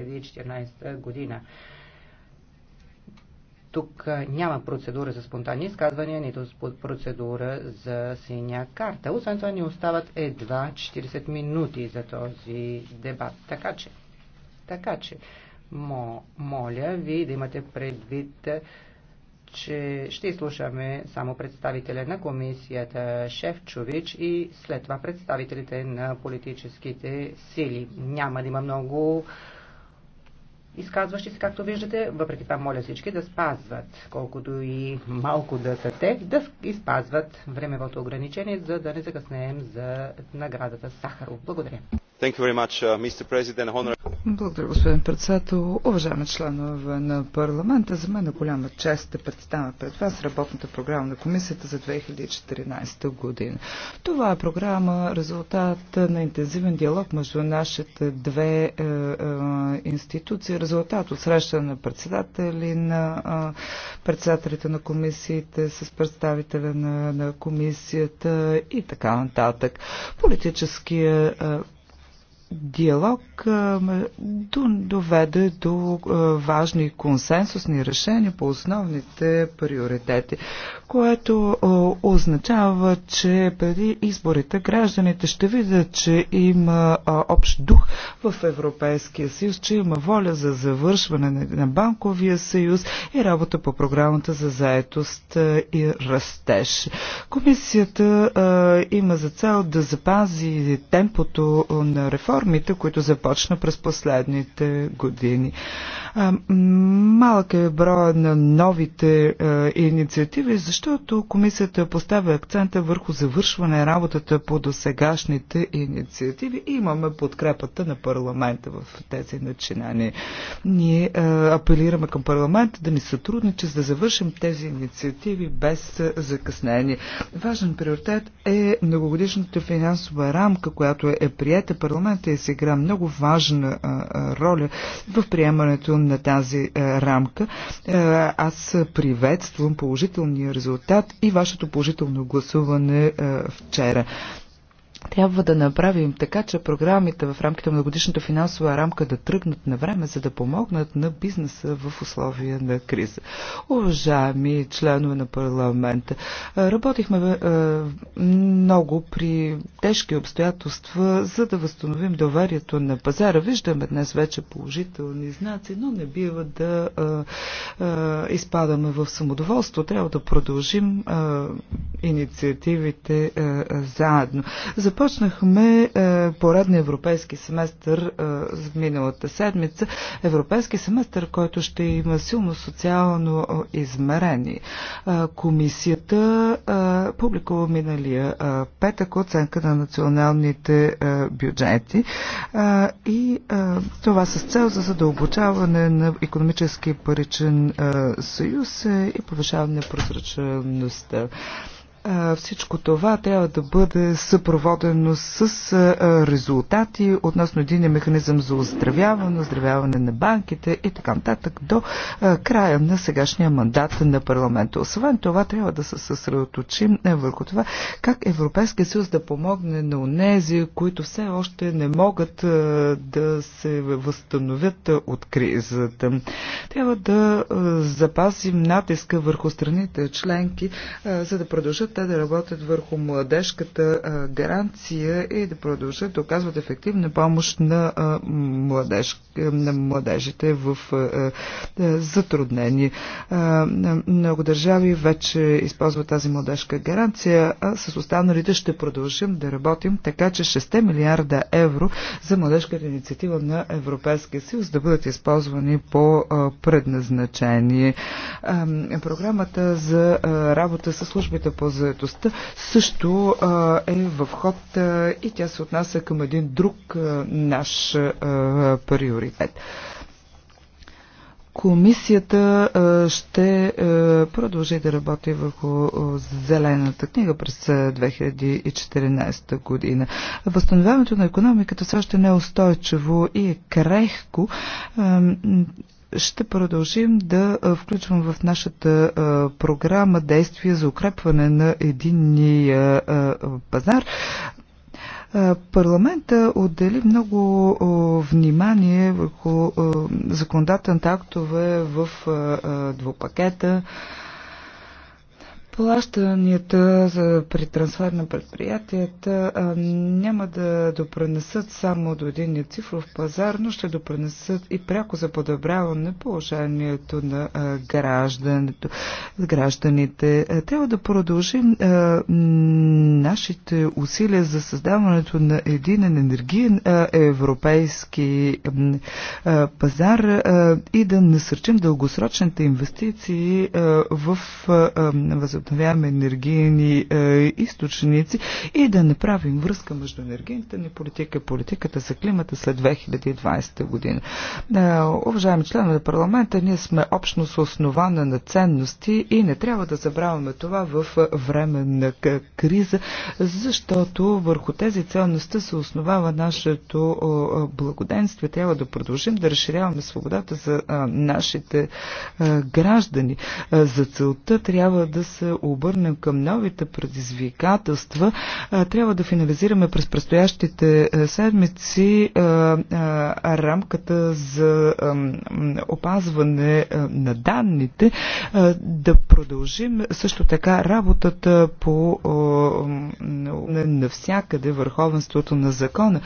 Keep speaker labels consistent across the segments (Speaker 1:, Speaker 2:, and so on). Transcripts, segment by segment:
Speaker 1: 2014 година. Тук няма процедура за спонтанни изказвания, нито процедура за синя карта. Освен това ни остават едва 40 минути за този дебат. Така че, така че, моля ви да имате предвид че ще изслушаме само представителя на комисията Шефчович и след това представителите на политическите сили. Няма да има много изказващи се, както виждате. Въпреки това моля всички да спазват, колкото и малко да са те, да изпазват времевото ограничение, за да не закъснеем за наградата Сахаров.
Speaker 2: Благодаря.
Speaker 3: Uh, Благодаря, господин
Speaker 2: председател. Уважаеми членове на парламента, за мен е голяма чест да представя пред вас работната програма на комисията за 2014 година. Това е програма резултат на интензивен диалог между нашите две е, е, институции, резултат от среща на председатели на е, председателите на комисиите с представителя на, на комисията и така нататък. Политическия е, диалог доведе до важни консенсусни решения по основните приоритети, което означава, че преди изборите гражданите ще видят, че има общ дух в Европейския съюз, че има воля за завършване на банковия съюз и работа по програмата за заетост и растеж. Комисията има за цел да запази темпото на реформа реформите, които започна през последните години. Малък е броя на новите инициативи, защото комисията поставя акцента върху завършване работата по досегашните инициативи и имаме подкрепата на парламента в тези начинания. Ние апелираме към парламента да ни сътрудничи, за да завършим тези инициативи без закъснение. Важен приоритет е многогодишната финансова рамка, която е, е прията. Парламента е и сега много важна роля в приемането на тази е, рамка. Е, аз приветствам положителния резултат и вашето положително гласуване е, вчера. Трябва да направим така, че програмите в рамките на годишната финансова рамка да тръгнат на време, за да помогнат на бизнеса в условия на криза. Уважаеми членове на парламента, работихме е, много при тежки обстоятелства, за да възстановим доверието на пазара. Виждаме днес вече положителни знаци, но не бива да е, е, изпадаме в самодоволство. Трябва да продължим инициативите заедно. За Започнахме е, поредния европейски семестър е, в миналата седмица. Европейски семестър, който ще има силно социално е, измерение. Комисията публикува миналия петък оценка на националните бюджети и това с цел за задълбочаване на економически паричен съюз и повишаване на прозрачността. Всичко това трябва да бъде съпроводено с резултати относно един механизъм за оздравяване, оздравяване на банките и така нататък до края на сегашния мандат на парламента. Освен това, трябва да се съсредоточим е, върху това как Европейския съюз да помогне на унези, които все още не могат да се възстановят от кризата. Трябва да запазим натиска върху страните членки, за да продължат те да работят върху младежката гаранция и да продължат да оказват ефективна помощ на, младеж, на младежите в затруднени. Много държави вече използват тази младежка гаранция, а с останалите ще продължим да работим така, че 6 милиарда евро за младежката инициатива на Европейския съюз да бъдат използвани по предназначение. Програмата за работа с службите по заедостта също е в ход и тя се отнася към един друг наш приоритет. Комисията ще продължи да работи върху зелената книга през 2014 година. Възстановяването на економиката все още не е устойчиво и е крехко ще продължим да включвам в нашата програма действия за укрепване на единния пазар. Парламента отдели много внимание върху законодателните актове в двупакета. пакета Плащанията за, при трансфер на предприятията а, няма да допренесат само до един цифров пазар, но ще допренесат и пряко за подобряване положението на а, гражданите. гражданите. Трябва да продължим а, нашите усилия за създаването на един енергиен а, европейски а, пазар а, и да насърчим дългосрочните инвестиции а, в а, възобновяваме енергийни е, източници и да направим връзка между енергийната ни политика и политиката за климата след 2020 година. Е, уважаеми членове на парламента, ние сме общност основана на ценности и не трябва да забравяме това в време на криза, защото върху тези ценности се основава нашето е, благоденствие. Трябва да продължим да разширяваме свободата за е, нашите е, граждани. За целта трябва да се обърнем към новите предизвикателства, трябва да финализираме през предстоящите седмици рамката за опазване на данните, да продължим също така работата по навсякъде върховенството на закона.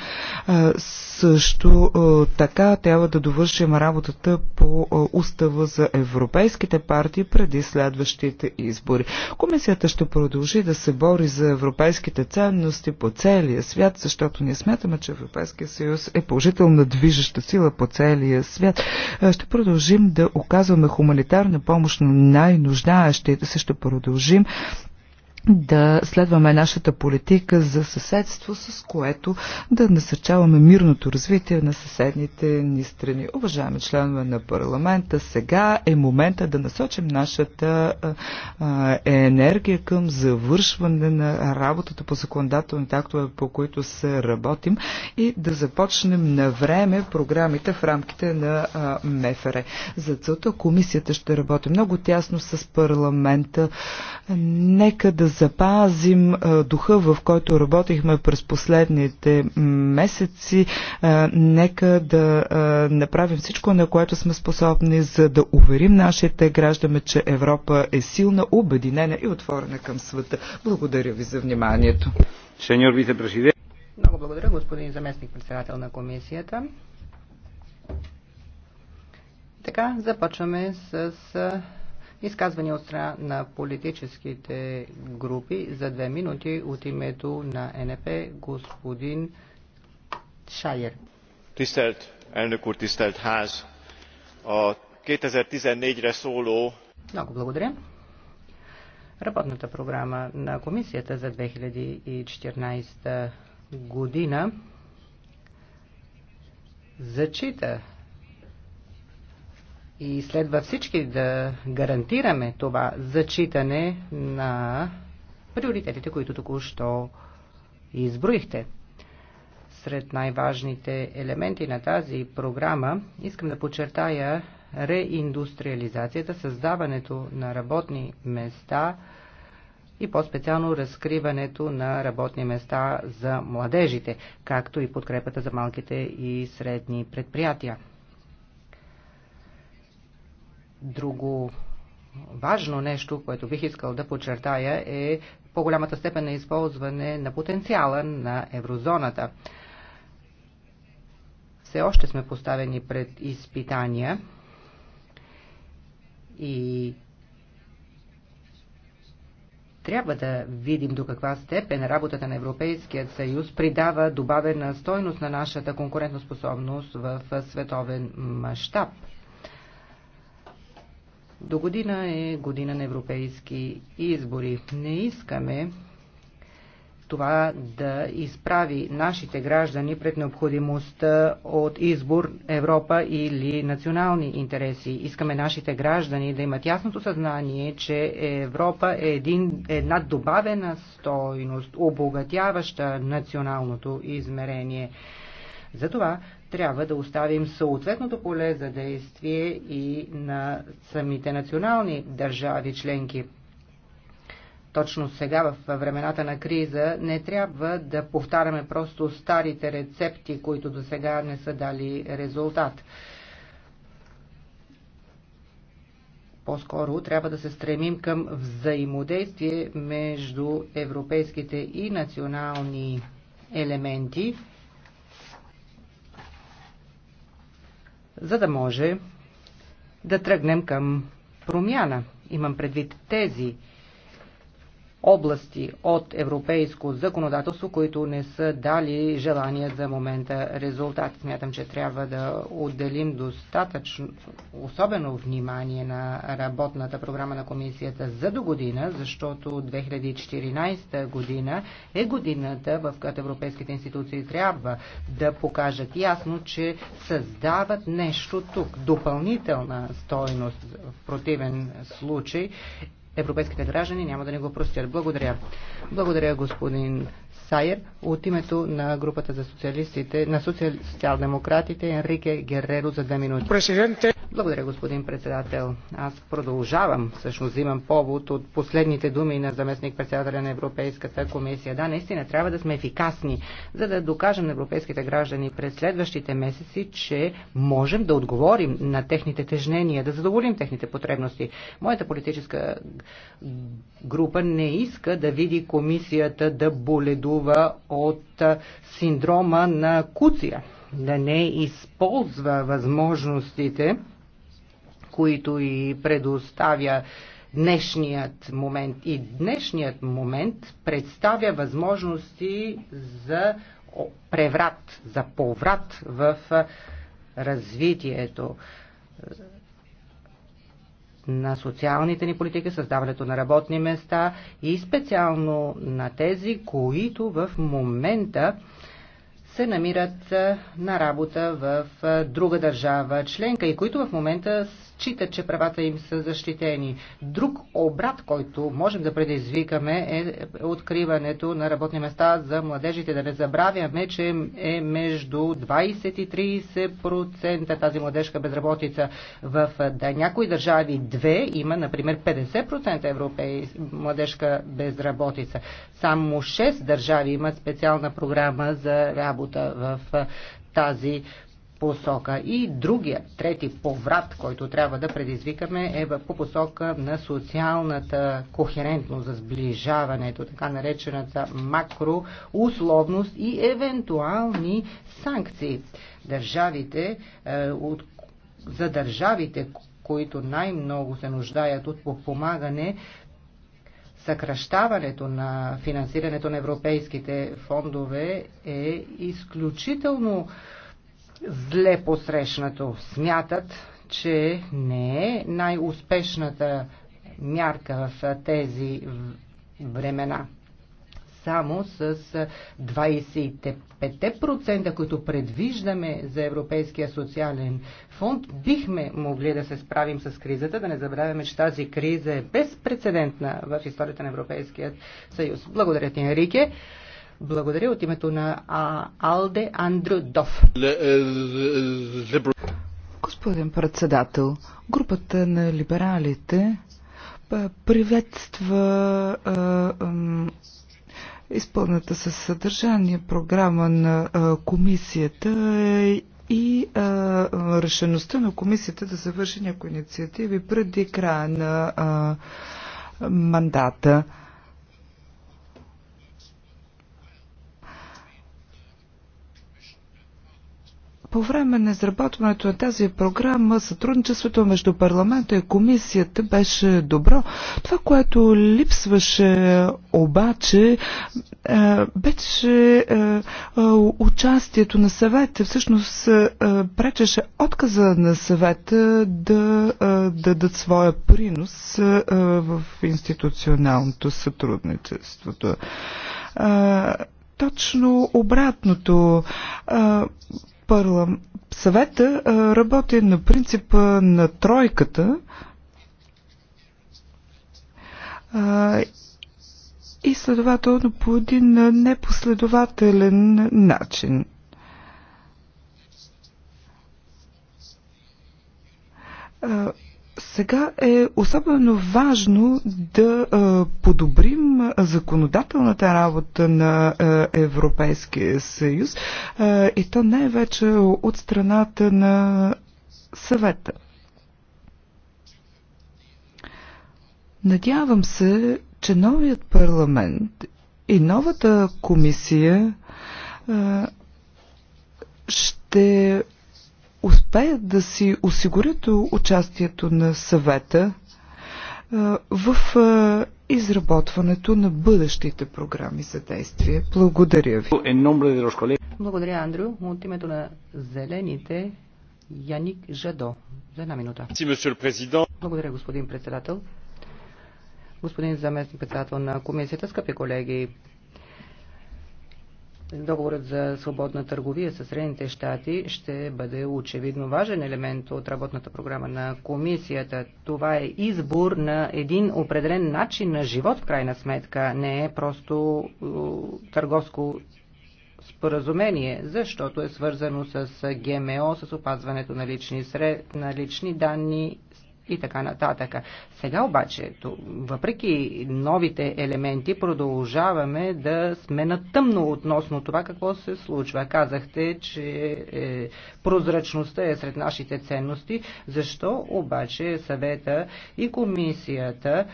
Speaker 2: Също така трябва да довършим работата по устава за европейските партии преди следващите избори. Комисията ще продължи да се бори за европейските ценности по целия свят, защото ние смятаме, че Европейския съюз е положителна движеща сила по целия свят. Е, ще продължим да оказваме хуманитарна помощ на най-нуждаещите се, ще продължим да следваме нашата политика за съседство, с което да насърчаваме мирното развитие на съседните ни страни. Уважаеми членове на парламента, сега е момента да насочим нашата а, енергия към завършване на работата по законодателните актове, по които се работим и да започнем на време програмите в рамките на а, МЕФЕРЕ. За целта комисията ще работи много тясно с парламента. Нека да запазим е, духа, в който работихме през последните месеци. Е, нека да е, направим всичко, на което сме способни, за да уверим нашите граждани, че Европа е силна, обединена и отворена към света. Благодаря ви за вниманието. Сеньор вице-президент.
Speaker 1: Много благодаря, господин заместник председател на комисията. Така, започваме с Изказвания от страна на политическите групи за две минути от името на НП господин Шайер.
Speaker 3: Tisztelt elnök úr, tisztelt ház! A 2014-re szóló...
Speaker 1: Много благодаря. Работната програма на комисията за 2014 година зачита и следва всички да гарантираме това зачитане на приоритетите, които току-що изброихте. Сред най-важните елементи на тази програма искам да подчертая реиндустриализацията, създаването на работни места и по-специално разкриването на работни места за младежите, както и подкрепата за малките и средни предприятия. Друго важно нещо, което бих искал да подчертая е по-голямата степен на използване на потенциала на еврозоната. Все още сме поставени пред изпитания и трябва да видим до каква степен работата на Европейският съюз придава добавена стойност на нашата конкурентоспособност в световен мащаб. До година е година на европейски избори. Не искаме това да изправи нашите граждани пред необходимостта от избор Европа или национални интереси. Искаме нашите граждани да имат ясното съзнание, че Европа е един, една добавена стойност, обогатяваща националното измерение. Затова трябва да оставим съответното поле за действие и на самите национални държави членки. Точно сега, в времената на криза, не трябва да повтаряме просто старите рецепти, които до сега не са дали резултат. По-скоро трябва да се стремим към взаимодействие между европейските и национални елементи за да може да тръгнем към промяна. Имам предвид тези области от европейско законодателство, които не са дали желания за момента резултат. Смятам, че трябва да отделим достатъчно, особено внимание на работната програма на комисията за до година, защото 2014 година е годината, в която европейските институции трябва да покажат ясно, че създават нещо тук, допълнителна стойност в противен случай европейските граждани няма да ни го простят. Благодаря. Благодаря, господин Сайер. От името на групата за социалистите, на социал-демократите, Енрике Герреро за две минути. Президенте. Благодаря, господин председател. Аз продължавам, всъщност взимам повод от последните думи на заместник председателя на Европейската комисия. Да, наистина трябва да сме ефикасни, за да докажем на европейските граждани през следващите месеци, че можем да отговорим на техните тежнения, да задоволим техните потребности. Моята политическа група не иска да види комисията да боледува от синдрома на Куция да не използва възможностите които и предоставя днешният момент. И днешният момент представя възможности за преврат, за поврат в развитието на социалните ни политики, създаването на работни места и специално на тези, които в момента се намират на работа в друга държава членка и които в момента считат, че правата им са защитени. Друг обрат, който можем да предизвикаме е откриването на работни места за младежите. Да не забравяме, че е между 20 и 30% тази младежка безработица. В е, да, някои държави две има, например, 50% европей, младежка безработица. Само 6 държави имат специална програма за работа в е, тази посока. И другия, трети поврат, който трябва да предизвикаме е по посока на социалната кохерентност за сближаването, така наречената макроусловност и евентуални санкции. Държавите, е, от, за държавите, които най-много се нуждаят от подпомагане, съкръщаването на финансирането на европейските фондове е изключително зле посрещнато. Смятат, че не е най-успешната мярка в тези времена. Само с 25%, които предвиждаме за Европейския социален фонд, бихме могли да се справим с кризата. Да не забравяме, че тази криза е безпредседентна в историята на Европейския съюз. Благодаря ти, Енрике. Благодаря от името на
Speaker 2: Алде Андрю Дов. Е, е, Господин председател, групата на либералите приветства изпълната със съдържание програма на комисията е, и а, решеността на комисията да завърши някои инициативи преди края на а, мандата. По време на изработването на тази програма сътрудничеството между парламента и комисията беше добро. Това, което липсваше обаче, е, беше е, е, участието на съвета. Всъщност пречеше отказа на съвета да, да дадат своя принос в институционалното сътрудничеството. Точно обратното Парлам... Съвета работи на принципа на тройката и следователно по един непоследователен начин. Uh сега е особено важно да подобрим законодателната работа на Европейския съюз и то най-вече от страната на съвета. Надявам се, че новият парламент и новата комисия ще успеят да си осигурят участието на съвета в изработването на бъдещите програми за действие. Благодаря ви.
Speaker 1: Благодаря, Андрю. От името на зелените, Яник Жадо. За една минута. Благодаря, господин председател. Господин заместник председател на комисията, скъпи колеги, Договорът за свободна търговия с Средните щати ще бъде очевидно важен елемент от работната програма на комисията. Това е избор на един определен начин на живот, в крайна сметка. Не е просто търговско споразумение, защото е свързано с ГМО, с опазването на лични, сред, на лични данни и така нататък. Сега обаче, въпреки новите елементи, продължаваме да сме на тъмно относно това какво се случва. Казахте, че е, прозрачността е сред нашите ценности. Защо обаче съвета и комисията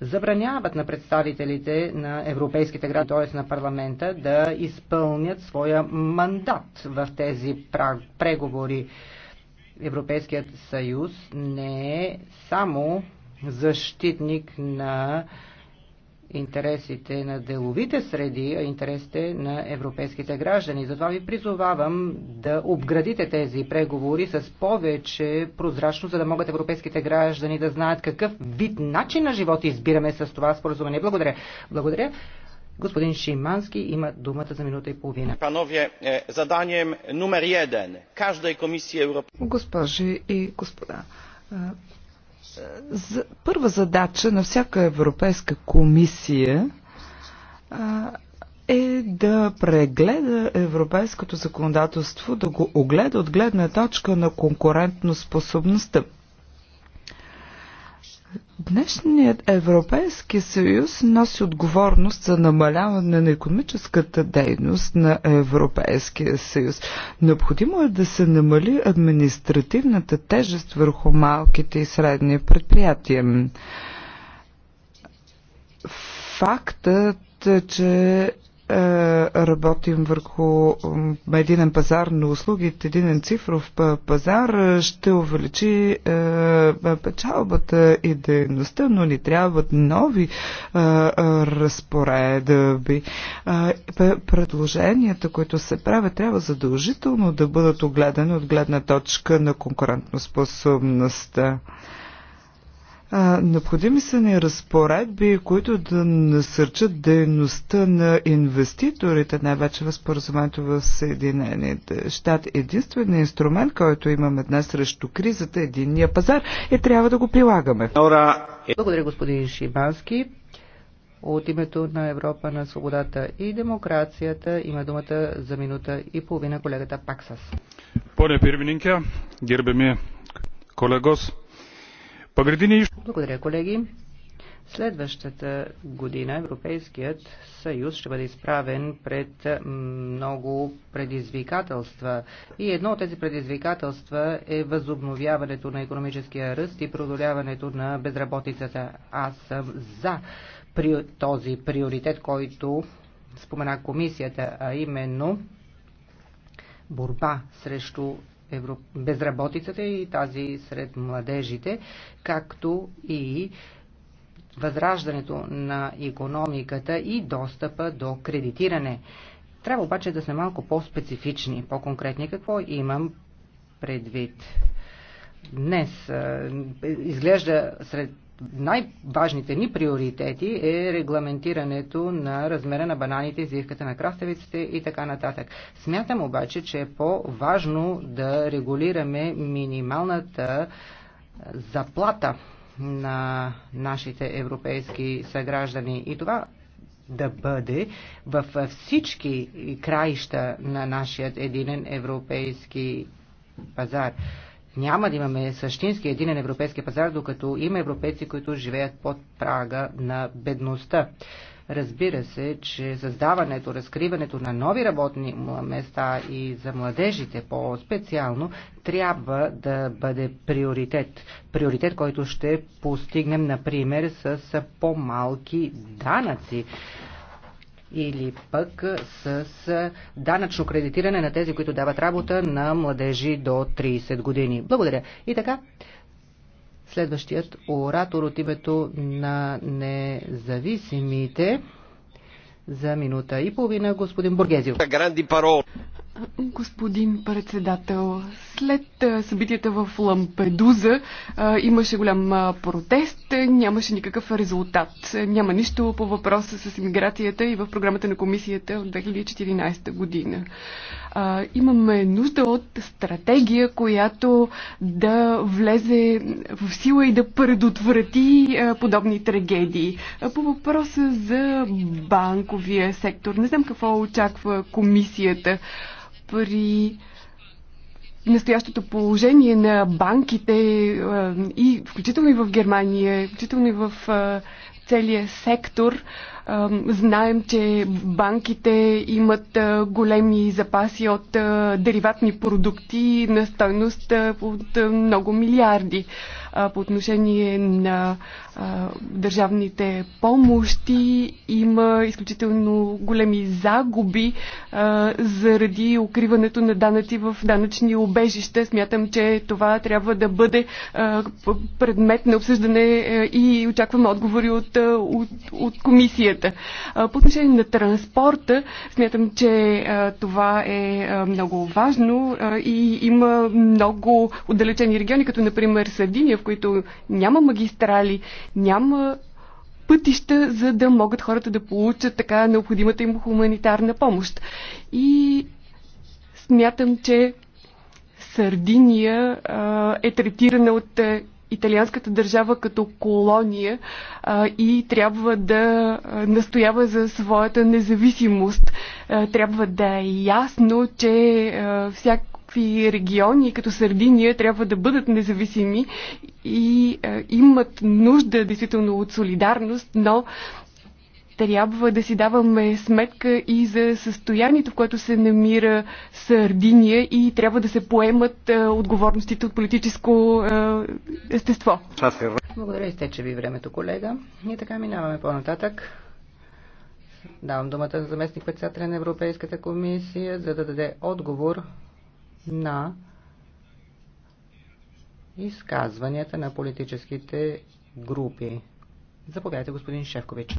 Speaker 1: забраняват на представителите на европейските град, т.е. на парламента, да изпълнят своя мандат в тези преговори? Европейският съюз не е само защитник на интересите на деловите среди, а интересите на европейските граждани. Затова ви призовавам да обградите тези преговори с повече прозрачно, за да могат европейските граждани да знаят какъв вид начин на живот избираме с това споразумение. Благодаря. Благодаря. Господин Шимански има думата за минута и половина. Панове, е, заданием номер 1 каждой комисии Европейска...
Speaker 2: Госпожи и господа, е, е, за, първа задача на всяка Европейска комисия а, е да прегледа европейското законодателство, да го огледа от гледна точка на конкурентно способността. Днешният Европейски съюз носи отговорност за намаляване на економическата дейност на Европейския съюз. Необходимо е да се намали административната тежест върху малките и средни предприятия. Фактът, че е, работим върху единен пазар на услугите, единен цифров пазар, ще увеличи е, печалбата и дейността, но ни трябват нови е, разпоредби. Предложенията, които се правят, трябва задължително да бъдат огледани от гледна точка на конкурентоспособността. способността. А, необходими са ни разпоредби, които да насърчат дейността на инвеститорите, най-вече в споразумението в Съединените щати. Единственият инструмент, който имаме днес срещу кризата, е единния пазар и трябва да го прилагаме. Е- Благодаря, господин Шибански.
Speaker 1: От името на Европа на свободата и демокрацията има думата за минута и половина колегата Паксас.
Speaker 3: Поне Пирвининка, гербеми е,
Speaker 2: колегос. Паградини...
Speaker 1: Благодаря, колеги. Следващата година Европейският съюз ще бъде изправен пред много предизвикателства. И едно от тези предизвикателства е възобновяването на економическия ръст и продоляването на безработицата. Аз съм за този приоритет, който спомена комисията, а именно борба срещу евро... безработицата и тази сред младежите, както и възраждането на економиката и достъпа до кредитиране. Трябва обаче да сме малко по-специфични, по-конкретни. Какво имам предвид? Днес е, изглежда сред най-важните ни приоритети е регламентирането на размера на бананите, изливката на краставиците и така нататък. Смятам обаче, че е по-важно да регулираме минималната заплата на нашите европейски съграждани. И това да бъде във всички краища на нашия единен европейски пазар няма да имаме същински единен европейски пазар, докато има европейци, които живеят под прага на бедността. Разбира се, че създаването, разкриването на нови работни места и за младежите по-специално трябва да бъде приоритет. Приоритет, който ще постигнем, например, с по-малки данъци или пък с данъчно кредитиране на тези, които дават работа на младежи до 30 години. Благодаря. И така, следващият оратор от името на независимите за минута и половина господин Боргезио.
Speaker 3: Господин председател, след събитията в Лампедуза имаше голям протест, нямаше никакъв резултат. Няма нищо по въпроса с иммиграцията и в програмата на комисията от 2014 година. Имаме нужда от стратегия, която да влезе в сила и да предотврати подобни трагедии. По въпроса за банковия сектор, не знам какво очаква комисията при настоящото положение на банките и включително и в Германия, включително и в целия сектор. Знаем, че банките имат големи запаси от дериватни продукти на стойност от много милиарди. По отношение на държавните помощи има изключително големи загуби заради укриването на данъци в данъчни обежища. Смятам, че това трябва да бъде предмет на обсъждане е, и очакваме отговори от, от, от комисията. По отношение на транспорта, смятам, че това е много важно и има много отдалечени региони, като например Сардиния, в които няма магистрали, няма пътища, за да могат хората да получат така необходимата им хуманитарна помощ. И смятам, че Сардиния а, е третирана от италианската държава като колония а, и трябва да настоява за своята независимост. А, трябва да е ясно, че а, всяк, някакви региони, като Сардиния, трябва да бъдат независими и а, е, имат нужда действително от солидарност, но трябва да си даваме сметка и за състоянието, в което се намира Сардиния и трябва да се поемат а, е, отговорностите от политическо а, е, естество. Благодаря, изтече ви времето, колега. И така минаваме по-нататък.
Speaker 1: Давам думата за заместник председателя на Европейската комисия, за да даде отговор на изказванията на политическите групи. Заповядайте, господин Шевкович.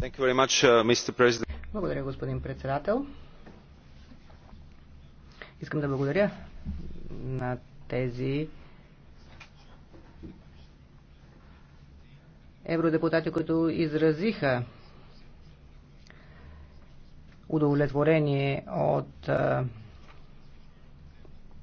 Speaker 3: Much, uh,
Speaker 1: благодаря, господин председател. Искам да благодаря на тези евродепутати, които изразиха удовлетворение от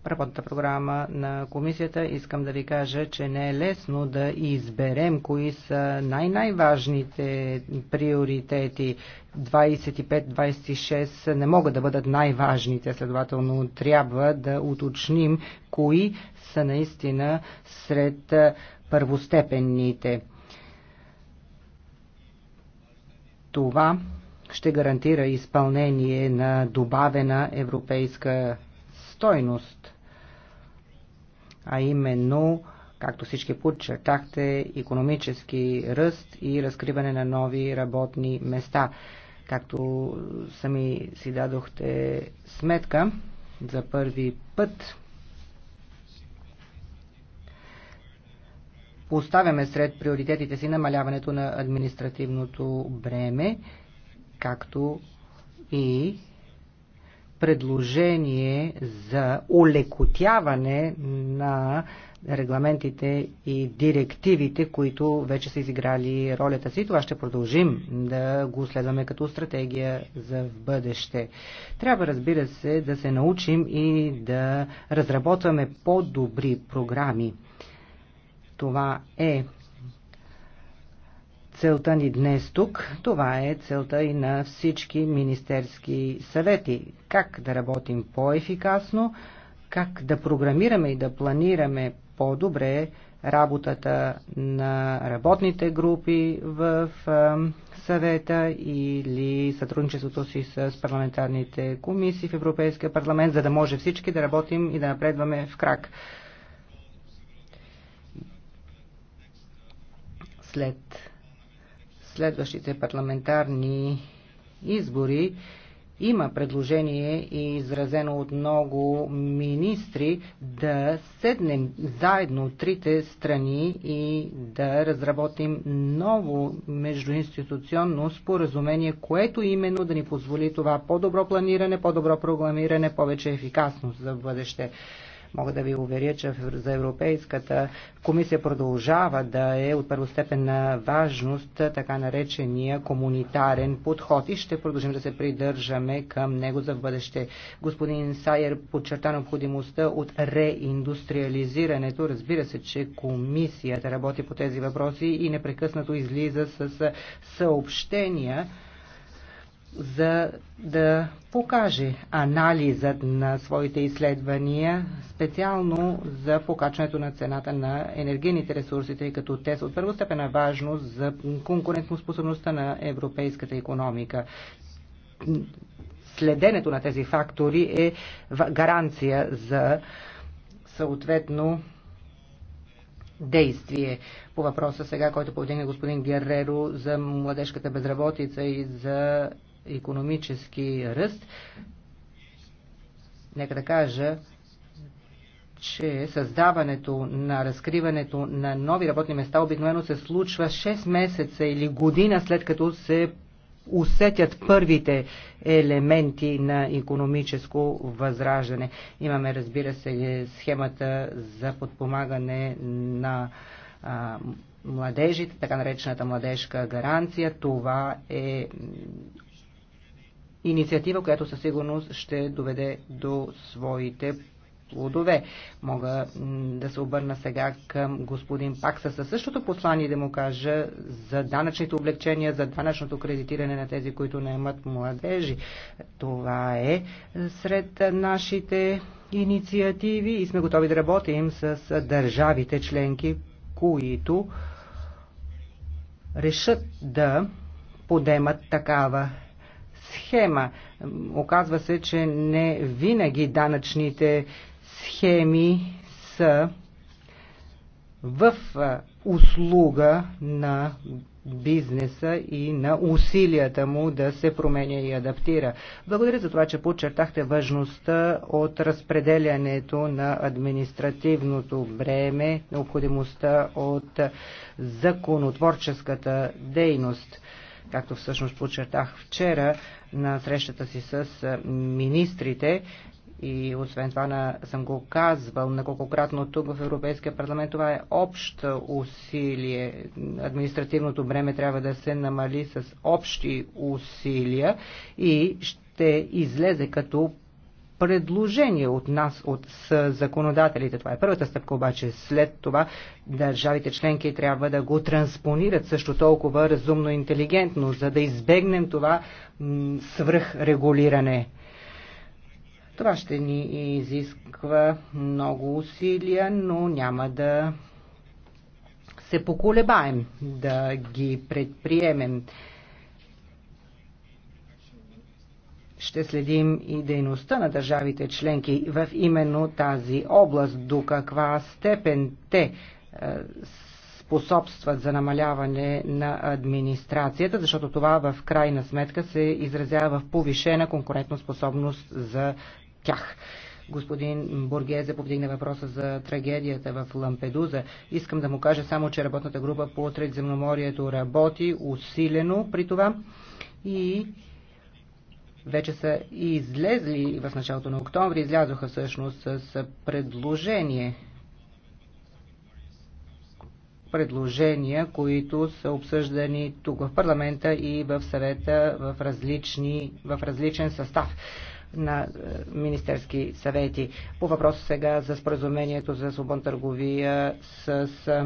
Speaker 1: работната програма на комисията. Искам да ви кажа, че не е лесно да изберем кои са най-най-важните приоритети. 25-26 не могат да бъдат най-важните, следователно трябва да уточним кои са наистина сред първостепенните. Това ще гарантира изпълнение на добавена европейска стойност, а именно, както всички подчертахте, економически ръст и разкриване на нови работни места. Както сами си дадохте сметка, за първи път поставяме сред приоритетите си намаляването на административното бреме както и предложение за улекотяване на регламентите и директивите, които вече са изиграли ролята си. Това ще продължим да го следваме като стратегия за в бъдеще. Трябва, разбира се, да се научим и да разработваме по-добри програми. Това е целта ни днес тук, това е целта и на всички министерски съвети. Как да работим по-ефикасно, как да програмираме и да планираме по-добре работата на работните групи в съвета или сътрудничеството си с парламентарните комисии в Европейския парламент, за да може всички да работим и да напредваме в крак. След следващите парламентарни избори има предложение и изразено от много министри да седнем заедно трите страни и да разработим ново междуинституционно споразумение, което именно да ни позволи това по-добро планиране, по-добро програмиране, повече ефикасност за бъдеще. Мога да ви уверя, че за Европейската комисия продължава да е от първостепенна важност така наречения комунитарен подход и ще продължим да се придържаме към него за бъдеще. Господин Сайер подчерта необходимостта от реиндустриализирането. Разбира се, че комисията работи по тези въпроси и непрекъснато излиза с съобщения за да покаже анализът на своите изследвания специално за покачването на цената на енергийните ресурси, тъй като те са от първостепена важност за конкурентоспособността на европейската економика следенето на тези фактори е гаранция за съответно действие. По въпроса сега, който повдигна господин Герреро за младежката безработица и за економически ръст, нека да кажа, че създаването на разкриването на нови работни места обикновено се случва 6 месеца или година след като се усетят първите елементи на економическо възраждане. Имаме, разбира се, схемата за подпомагане на а, младежите, така наречената младежка гаранция. Това е инициатива, която със сигурност ще доведе до своите плодове. Мога да се обърна сега към господин Пакса със същото послание да му кажа за данъчните облегчения, за данъчното кредитиране на тези, които не имат младежи. Това е сред нашите инициативи и сме готови да работим с държавите членки, които решат да подемат такава схема. Оказва се, че не винаги данъчните схеми са в услуга на бизнеса и на усилията му да се променя и адаптира. Благодаря за това, че подчертахте важността от разпределянето на административното бреме, необходимостта от законотворческата дейност както всъщност подчертах вчера на срещата си с министрите, и освен това на, съм го казвал неколкократно тук в Европейския парламент, това е общо усилие. Административното бреме трябва да се намали с общи усилия и ще излезе като предложение от нас, от законодателите. Това е първата стъпка, обаче след това държавите членки трябва да го транспонират също толкова разумно и интелигентно, за да избегнем това свръхрегулиране. Това ще ни изисква много усилия, но няма да се поколебаем да ги предприемем. ще следим и дейността на държавите членки в именно тази област, до каква степен те е, способстват за намаляване на администрацията, защото това в крайна сметка се изразява в повишена конкурентоспособност за тях. Господин Бургезе повдигна въпроса за трагедията в Лампедуза. Искам да му кажа само, че работната група по Средиземноморието работи усилено при това и вече са излезли в началото на октомври, излязоха всъщност с предложение предложения, които са обсъждани тук в парламента и в съвета в, различни, в различен състав на е, министерски съвети. По въпроса сега за споразумението за свободна търговия с е,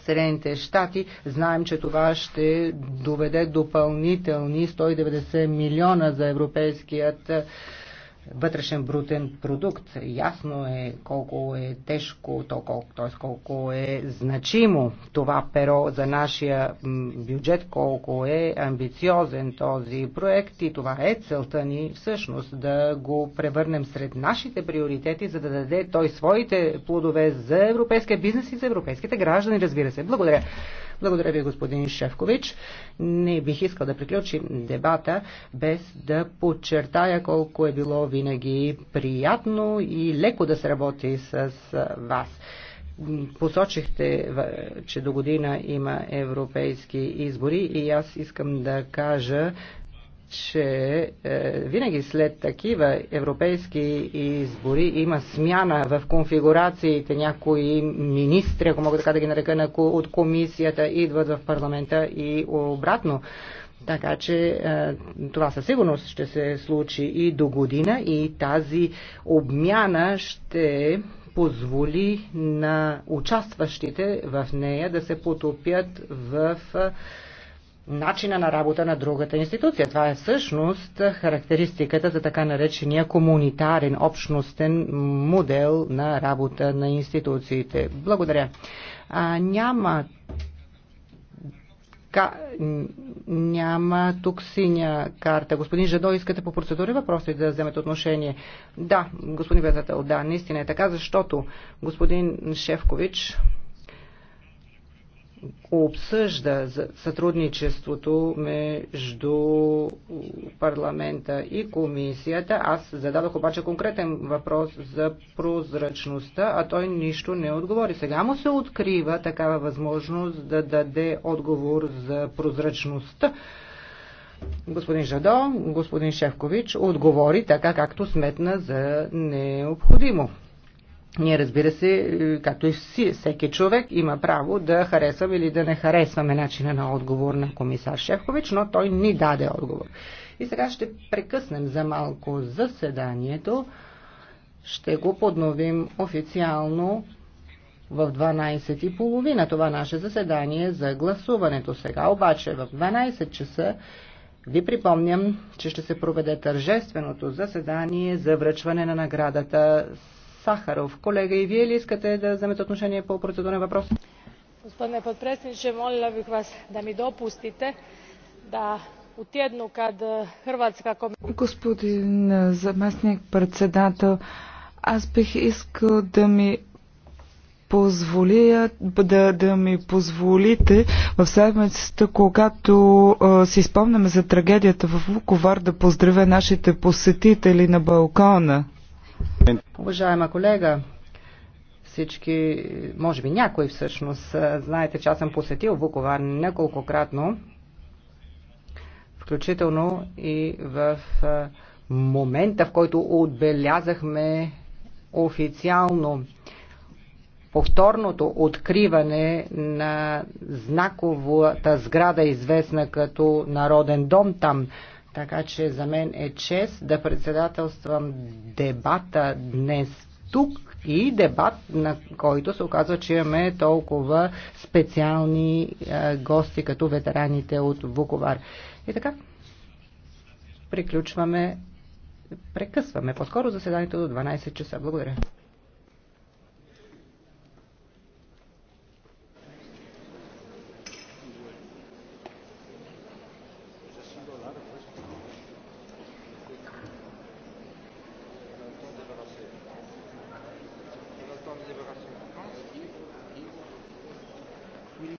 Speaker 1: Съединените щати. Знаем, че това ще доведе допълнителни 190 милиона за европейският вътрешен брутен продукт. Ясно е колко е тежко, то колко, т.е. колко е значимо това перо за нашия бюджет, колко е амбициозен този проект и това е целта ни всъщност да го превърнем сред нашите приоритети, за да даде той своите плодове за европейския бизнес и за европейските граждани, разбира се. Благодаря. Благодаря ви, господин Шефкович. Не бих искал да приключим дебата без да подчертая колко е било винаги приятно и леко да се работи с вас. Посочихте, че до година има европейски избори и аз искам да кажа, че е, винаги след такива европейски избори има смяна в конфигурациите. Някои министри, ако мога така да ги нарека, от комисията идват в парламента и обратно. Така че е, това със сигурност ще се случи и до година и тази обмяна ще позволи на участващите в нея да се потопят в е, начина на работа на другата институция. Това е всъщност характеристиката за така наречения комунитарен, общностен модел на работа на институциите. Благодаря. А, няма Ка... Няма тук синя карта. Господин Жадо, искате по процедури въпроси да вземете отношение? Да, господин Безател, да, наистина е така, защото господин Шефкович обсъжда сътрудничеството между парламента и комисията. Аз зададох обаче конкретен въпрос за прозрачността, а той нищо не отговори. Сега му се открива такава възможност да даде отговор за прозрачността. Господин Жадо, господин Шевкович отговори така, както сметна за необходимо. Ние, разбира се, е, както и всеки човек, има право да харесваме или да не харесваме начина на отговор на комисар Шефкович, но той ни даде отговор. И сега ще прекъснем за малко заседанието. Ще го подновим официално в 12.30 това наше заседание за гласуването. Сега обаче в 12 часа ви припомням, че ще се проведе тържественото заседание за връчване на наградата с Сахаров. Колега, и вие ли искате да вземете отношение по процедурен въпрос?
Speaker 3: Gospodine potpredsjedniče, молила bih вас да ми допустите да u кад Хрватска Hrvatska
Speaker 2: Господин заместник председател, аз бих искал да ми позволя, да, да ми позволите в седмицата, когато а, си спомняме за трагедията в Луковар, да поздравя нашите посетители на Балкана.
Speaker 1: Уважаема колега, всички, може би някой всъщност, знаете, че аз съм посетил Вуковар неколкократно, включително и в момента, в който отбелязахме официално повторното откриване на знаковата сграда, известна като Народен дом там. Така че за мен е чест да председателствам дебата днес тук и дебат, на който се оказва, че имаме толкова специални е, гости, като ветераните от Вуковар. И така, приключваме, прекъсваме по-скоро заседанието до 12 часа. Благодаря.